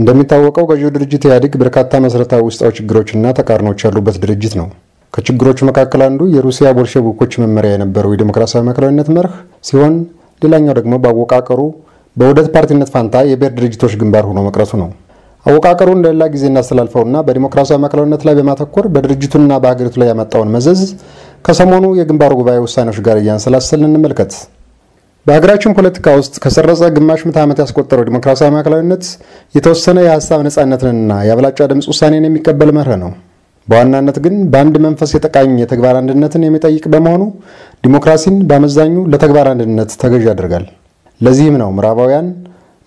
እንደሚታወቀው ገዢው ድርጅት ኢህአዴግ በርካታ መሠረታዊ ውስጣዊ ችግሮችና ተቃርኖች ያሉበት ድርጅት ነው። ከችግሮቹ መካከል አንዱ የሩሲያ ቦልሸቪኮች መመሪያ የነበረው የዴሞክራሲያዊ ማዕከላዊነት መርህ ሲሆን፣ ሌላኛው ደግሞ በአወቃቀሩ በውህደት ፓርቲነት ፋንታ የብሔር ድርጅቶች ግንባር ሆኖ መቅረቱ ነው። አወቃቀሩ እንደሌላ ጊዜ እናስተላልፈውና በዲሞክራሲያዊ ማዕከላዊነት ላይ በማተኮር በድርጅቱና በሀገሪቱ ላይ ያመጣውን መዘዝ ከሰሞኑ የግንባሩ ጉባኤ ውሳኔዎች ጋር እያንሰላሰልን እንመልከት። በሀገራችን ፖለቲካ ውስጥ ከሰረጸ ግማሽ ምዕተ ዓመት ያስቆጠረው ዲሞክራሲያዊ ማዕከላዊነት የተወሰነ የሀሳብ ነጻነትንና የአብላጫ ድምፅ ውሳኔን የሚቀበል መርህ ነው። በዋናነት ግን በአንድ መንፈስ የተቃኝ የተግባር አንድነትን የሚጠይቅ በመሆኑ ዲሞክራሲን በአመዛኙ ለተግባር አንድነት ተገዥ ያደርጋል። ለዚህም ነው ምዕራባውያን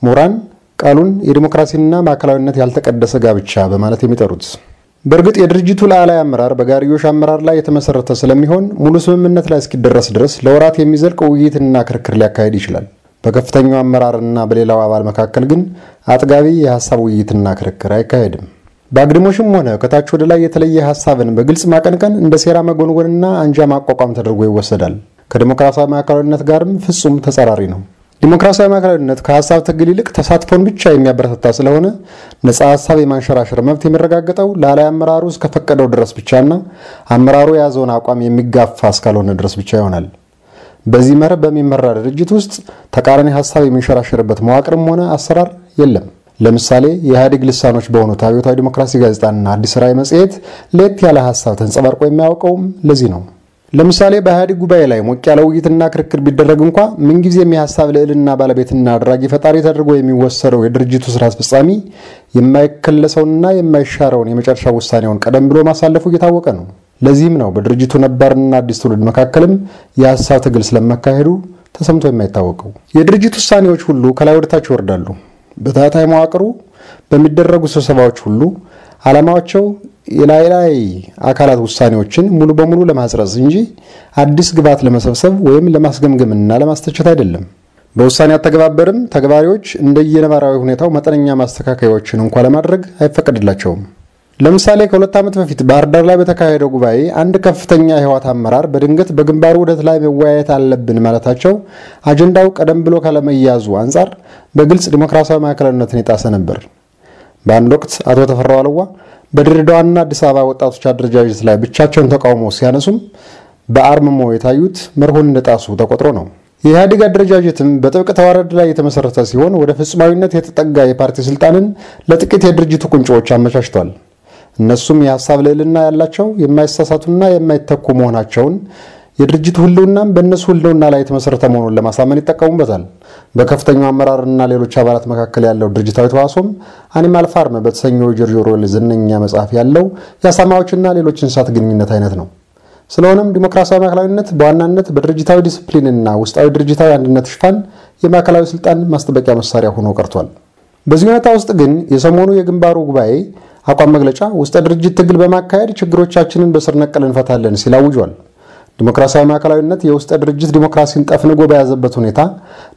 ምሁራን ቃሉን የዲሞክራሲና ማዕከላዊነት ያልተቀደሰ ጋብቻ በማለት የሚጠሩት። በእርግጥ የድርጅቱ ላዕላይ አመራር በጋርዮሽ አመራር ላይ የተመሰረተ ስለሚሆን ሙሉ ስምምነት ላይ እስኪደረስ ድረስ ለወራት የሚዘልቅ ውይይትና ክርክር ሊያካሄድ ይችላል። በከፍተኛው አመራርና በሌላው አባል መካከል ግን አጥጋቢ የሀሳብ ውይይትና ክርክር አይካሄድም። በአግድሞሽም ሆነ ከታች ወደ ላይ የተለየ ሀሳብን በግልጽ ማቀንቀን እንደ ሴራ መጎንጎንና አንጃ ማቋቋም ተደርጎ ይወሰዳል። ከዲሞክራሲያዊ ማዕከላዊነት ጋርም ፍጹም ተጸራሪ ነው። ዲሞክራሲያዊ ማዕከላዊነት ከሀሳብ ትግል ይልቅ ተሳትፎን ብቻ የሚያበረታታ ስለሆነ ነፃ ሀሳብ የማንሸራሸር መብት የሚረጋገጠው ላላይ አመራሩ እስከፈቀደው ድረስ ብቻና አመራሩ የያዘውን አቋም የሚጋፋ እስካልሆነ ድረስ ብቻ ይሆናል። በዚህ መርህ በሚመራ ድርጅት ውስጥ ተቃራኒ ሀሳብ የሚንሸራሸርበት መዋቅርም ሆነ አሰራር የለም። ለምሳሌ የኢህአዴግ ልሳኖች በሆኑት አብዮታዊ ዲሞክራሲ ጋዜጣና አዲስ ራዕይ መጽሔት ለየት ያለ ሀሳብ ተንጸባርቆ የሚያውቀውም ለዚህ ነው። ለምሳሌ በኢህአዴግ ጉባኤ ላይ ሞቅ ያለ ውይይትና ክርክር ቢደረግ እንኳ ምንጊዜም የሀሳብ ልዕልና ባለቤትና አድራጊ ፈጣሪ ተደርጎ የሚወሰደው የድርጅቱ ስራ አስፈጻሚ የማይከለሰውንና የማይሻረውን የመጨረሻ ውሳኔውን ቀደም ብሎ ማሳለፉ እየታወቀ ነው። ለዚህም ነው በድርጅቱ ነባርና አዲስ ትውልድ መካከልም የሀሳብ ትግል ስለመካሄዱ ተሰምቶ የማይታወቀው። የድርጅት ውሳኔዎች ሁሉ ከላይ ወደታች ይወርዳሉ። በታታይ መዋቅሩ በሚደረጉ ስብሰባዎች ሁሉ ዓላማቸው የላይ ላይ አካላት ውሳኔዎችን ሙሉ በሙሉ ለማጽረጽ እንጂ አዲስ ግብዓት ለመሰብሰብ ወይም ለማስገምገምና ለማስተቸት አይደለም። በውሳኔ አተገባበርም ተግባሪዎች እንደየነባራዊ ሁኔታው መጠነኛ ማስተካከያዎችን እንኳ ለማድረግ አይፈቀድላቸውም። ለምሳሌ ከሁለት ዓመት በፊት ባህር ዳር ላይ በተካሄደው ጉባኤ አንድ ከፍተኛ የህወሓት አመራር በድንገት በግንባር ውህደት ላይ መወያየት አለብን ማለታቸው አጀንዳው ቀደም ብሎ ካለመያዙ አንጻር በግልጽ ዲሞክራሲያዊ ማዕከላዊነትን የጣሰ ነበር። በአንድ ወቅት አቶ ተፈራ ዋልዋ በድሬዳዋና አዲስ አበባ ወጣቶች አደረጃጀት ላይ ብቻቸውን ተቃውሞ ሲያነሱም በአርምሞ የታዩት መርሆን እንደጣሱ ተቆጥሮ ነው። የኢህአዴግ አደረጃጀትም በጥብቅ ተዋረድ ላይ የተመሰረተ ሲሆን ወደ ፍጹማዊነት የተጠጋ የፓርቲ ስልጣንን ለጥቂት የድርጅቱ ቁንጮዎች አመቻችቷል። እነሱም የሀሳብ ልዕልና ያላቸው የማይሳሳቱና የማይተኩ መሆናቸውን፣ የድርጅቱ ህልውናም በእነሱ ህልውና ላይ የተመሰረተ መሆኑን ለማሳመን ይጠቀሙበታል። በከፍተኛው አመራርና ሌሎች አባላት መካከል ያለው ድርጅታዊ ተዋሶም አኒማል ፋርም በተሰኘው ጆርጅ ኦርዌል ዝነኛ መጽሐፍ ያለው የአሳማዎችና ሌሎች እንስሳት ግንኙነት አይነት ነው። ስለሆነም ዲሞክራሲያዊ ማዕከላዊነት በዋናነት በድርጅታዊ ዲስፕሊንና ውስጣዊ ድርጅታዊ አንድነት ሽፋን የማዕከላዊ ስልጣን ማስጠበቂያ መሳሪያ ሆኖ ቀርቷል። በዚህ ሁኔታ ውስጥ ግን የሰሞኑ የግንባሩ ጉባኤ አቋም መግለጫ ውስጠ ድርጅት ትግል በማካሄድ ችግሮቻችንን በስር ነቀል እንፈታለን ሲል አውጇል። ዲሞክራሲያዊ ማዕከላዊነት የውስጠ ድርጅት ዲሞክራሲን ጠፍንጎ በያዘበት ሁኔታ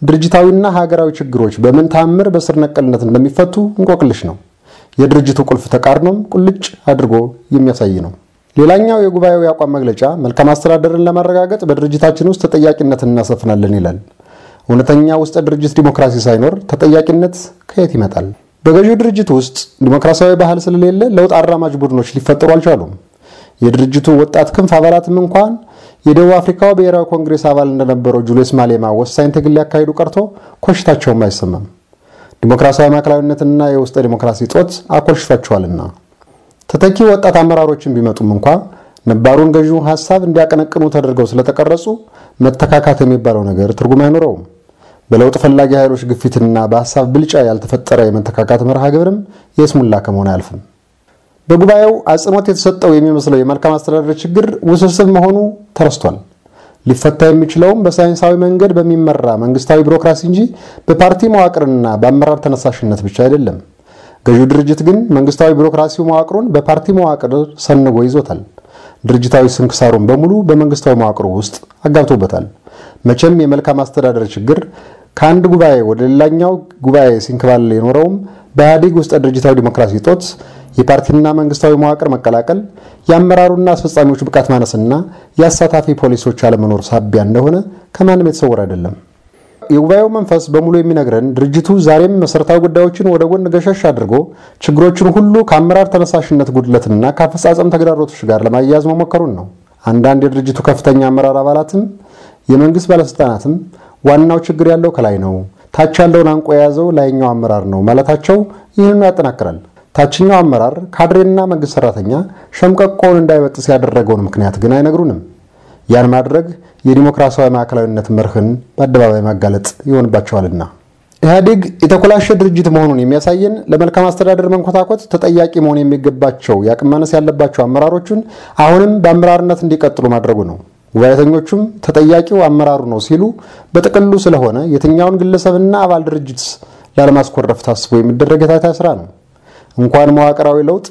ድርጅታዊና ሀገራዊ ችግሮች በምን ታምር በስር ነቀልነት እንደሚፈቱ እንቆቅልሽ ነው። የድርጅቱ ቁልፍ ተቃርኖም ቁልጭ አድርጎ የሚያሳይ ነው። ሌላኛው የጉባኤው የአቋም መግለጫ መልካም አስተዳደርን ለማረጋገጥ በድርጅታችን ውስጥ ተጠያቂነት እናሰፍናለን ይላል። እውነተኛ ውስጠ ድርጅት ዲሞክራሲ ሳይኖር ተጠያቂነት ከየት ይመጣል? በገዢው ድርጅት ውስጥ ዲሞክራሲያዊ ባህል ስለሌለ ለውጥ አራማጅ ቡድኖች ሊፈጠሩ አልቻሉም። የድርጅቱ ወጣት ክንፍ አባላትም እንኳን የደቡብ አፍሪካው ብሔራዊ ኮንግሬስ አባል እንደነበረው ጁልስ ማሌማ ወሳኝ ትግል ሊያካሂዱ ቀርቶ ኮሽታቸውም አይሰማም። ዲሞክራሲያዊ ማዕከላዊነትና የውስጠ ዲሞክራሲ ጦት አኮልሽቷቸዋልና ተተኪ ወጣት አመራሮችን ቢመጡም እንኳ ነባሩን ገዢው ሀሳብ እንዲያቀነቅኑ ተደርገው ስለተቀረጹ መተካካት የሚባለው ነገር ትርጉም አይኖረውም። በለውጥ ፈላጊ ኃይሎች ግፊትና በሀሳብ ብልጫ ያልተፈጠረ የመተካካት መርሃ ግብርም የስሙላ ከመሆን አያልፍም። በጉባኤው አጽንዖት የተሰጠው የሚመስለው የመልካም አስተዳደር ችግር ውስብስብ መሆኑ ተረስቷል። ሊፈታ የሚችለውም በሳይንሳዊ መንገድ በሚመራ መንግስታዊ ቢሮክራሲ እንጂ በፓርቲ መዋቅርና በአመራር ተነሳሽነት ብቻ አይደለም። ገዢው ድርጅት ግን መንግስታዊ ቢሮክራሲው መዋቅሩን በፓርቲ መዋቅር ሰንጎ ይዞታል። ድርጅታዊ ስንክሳሩን በሙሉ በመንግስታዊ መዋቅሩ ውስጥ አጋብቶበታል። መቼም የመልካም አስተዳደር ችግር ከአንድ ጉባኤ ወደ ሌላኛው ጉባኤ ሲንክባል የኖረውም በኢህአዴግ ውስጥ ድርጅታዊ ዲሞክራሲ ጦት የፓርቲና መንግስታዊ መዋቅር መቀላቀል የአመራሩና አስፈጻሚዎች ብቃት ማነስና የአሳታፊ ፖሊሶች አለመኖር ሳቢያ እንደሆነ ከማንም የተሰወረ አይደለም። የጉባኤው መንፈስ በሙሉ የሚነግረን ድርጅቱ ዛሬም መሰረታዊ ጉዳዮችን ወደ ጎን ገሸሽ አድርጎ ችግሮችን ሁሉ ከአመራር ተነሳሽነት ጉድለትና ከአፈጻጸም ተግዳሮቶች ጋር ለማያያዝ መሞከሩን ነው። አንዳንድ የድርጅቱ ከፍተኛ አመራር አባላትም የመንግስት ባለስልጣናትም ዋናው ችግር ያለው ከላይ ነው፣ ታች ያለውን አንቆ የያዘው ላይኛው አመራር ነው ማለታቸው ይህንኑ ያጠናክራል። ታችኛው አመራር ካድሬና መንግስት ሰራተኛ ሸምቀቆውን እንዳይበጥስ ያደረገውን ምክንያት ግን አይነግሩንም። ያን ማድረግ የዲሞክራሲያዊ ማዕከላዊነት መርህን በአደባባይ ማጋለጥ ይሆንባቸዋልና። ኢህአዴግ የተኮላሸ ድርጅት መሆኑን የሚያሳየን ለመልካም አስተዳደር መንኮታኮት ተጠያቂ መሆን የሚገባቸው የአቅም ማነስ ያለባቸው አመራሮቹን አሁንም በአመራርነት እንዲቀጥሉ ማድረጉ ነው። ጉባኤተኞቹም ተጠያቂው አመራሩ ነው ሲሉ በጥቅሉ ስለሆነ የትኛውን ግለሰብና አባል ድርጅት ላለማስኮረፍ ታስቦ የሚደረግ የታታ ስራ ነው። እንኳን መዋቅራዊ ለውጥ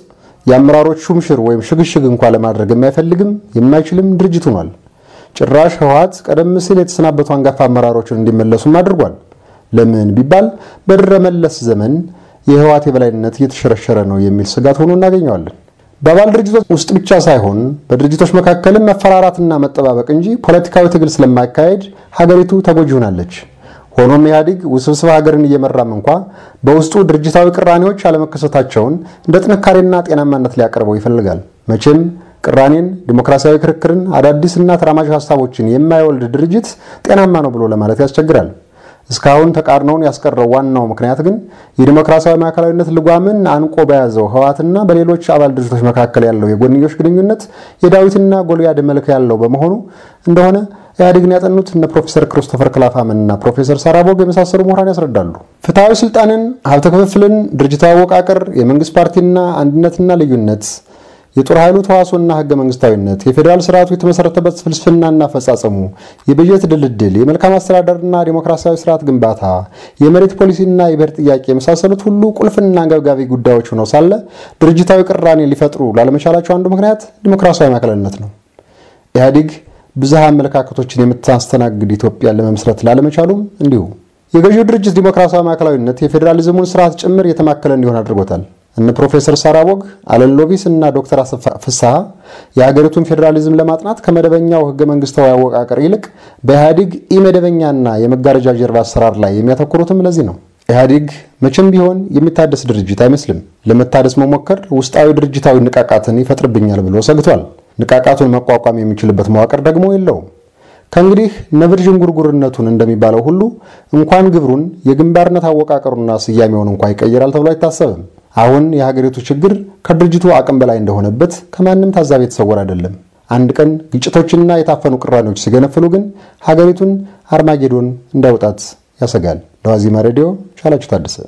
የአመራሮች ሹምሽር ወይም ሽግሽግ እንኳ ለማድረግ የማይፈልግም የማይችልም ድርጅት ሆኗል። ጭራሽ ህወሓት ቀደም ሲል የተሰናበቱ አንጋፋ አመራሮችን እንዲመለሱም አድርጓል። ለምን ቢባል በድረ መለስ ዘመን የህወሓት የበላይነት እየተሸረሸረ ነው የሚል ስጋት ሆኖ እናገኘዋለን። በአባል ድርጅቶች ውስጥ ብቻ ሳይሆን በድርጅቶች መካከልም መፈራራትና መጠባበቅ እንጂ ፖለቲካዊ ትግል ስለማይካሄድ ሀገሪቱ ተጎጂ ሆናለች። ሆኖም ኢህአዲግ ውስብስብ ሀገርን እየመራም እንኳ በውስጡ ድርጅታዊ ቅራኔዎች አለመከሰታቸውን እንደ ጥንካሬና ጤናማነት ሊያቀርበው ይፈልጋል። መቼም ቅራኔን፣ ዲሞክራሲያዊ ክርክርን፣ አዳዲስና ተራማጅ ሀሳቦችን የማይወልድ ድርጅት ጤናማ ነው ብሎ ለማለት ያስቸግራል። እስካሁን ተቃርኖውን ያስቀረው ዋናው ምክንያት ግን የዲሞክራሲያዊ ማዕከላዊነት ልጓምን አንቆ በያዘው ህወሓትና በሌሎች አባል ድርጅቶች መካከል ያለው የጎንዮሽ ግንኙነት የዳዊትና ጎልያድ መልክ ያለው በመሆኑ እንደሆነ ኢህአዴግን ያጠኑት እነ ፕሮፌሰር ክርስቶፈር ክላፋምና ፕሮፌሰር ሳራቦግ የመሳሰሉ ምሁራን ያስረዳሉ። ፍትሐዊ ስልጣንን፣ ሀብተ ክፍፍልን፣ ድርጅታዊ አወቃቀር፣ የመንግስት ፓርቲና አንድነትና ልዩነት፣ የጦር ኃይሉ ተዋሶና ህገ መንግስታዊነት፣ የፌዴራል ስርዓቱ የተመሰረተበት ፍልስፍናና አፈጻጸሙ፣ የበጀት ድልድል፣ የመልካም አስተዳደርና ዴሞክራሲያዊ ስርዓት ግንባታ፣ የመሬት ፖሊሲና የብሔር ጥያቄ የመሳሰሉት ሁሉ ቁልፍና አንገብጋቢ ጉዳዮች ሆነው ሳለ ድርጅታዊ ቅራኔ ሊፈጥሩ ላለመቻላቸው አንዱ ምክንያት ዲሞክራሲያዊ ማዕከልነት ነው። ኢህአዴግ ብዝሃ አመለካከቶችን የምታስተናግድ ኢትዮጵያን ለመመስረት ላለመቻሉም እንዲሁ የገዢው ድርጅት ዲሞክራሲያዊ ማዕከላዊነት የፌዴራሊዝሙን ስርዓት ጭምር የተማከለ እንዲሆን አድርጎታል። እነ ፕሮፌሰር ሳራ ቦግ፣ አለን ሎቢስ እና ዶክተር አሰፋ ፍስሐ የሀገሪቱን ፌዴራሊዝም ለማጥናት ከመደበኛው ህገ መንግስታዊ አወቃቀር ይልቅ በኢህአዲግ ኢመደበኛና የመጋረጃ ጀርባ አሰራር ላይ የሚያተኩሩትም ለዚህ ነው። ኢህአዲግ መቼም ቢሆን የሚታደስ ድርጅት አይመስልም። ለመታደስ መሞከር ውስጣዊ ድርጅታዊ ንቃቃትን ይፈጥርብኛል ብሎ ሰግቷል። ንቃቃቱን መቋቋም የሚችልበት መዋቅር ደግሞ የለውም። ከእንግዲህ ነብር ዥንጉርጉርነቱን እንደሚባለው ሁሉ እንኳን ግብሩን የግንባርነት አወቃቀሩና ስያሜውን እንኳ ይቀይራል ተብሎ አይታሰብም። አሁን የሀገሪቱ ችግር ከድርጅቱ አቅም በላይ እንደሆነበት ከማንም ታዛቢ የተሰወረ አይደለም። አንድ ቀን ግጭቶችና የታፈኑ ቅራኔዎች ሲገነፍሉ ግን ሀገሪቱን አርማጌዶን እንዳይወጣት ያሰጋል። ለዋዜማ ሬዲዮ ቻላችሁ ታደሰ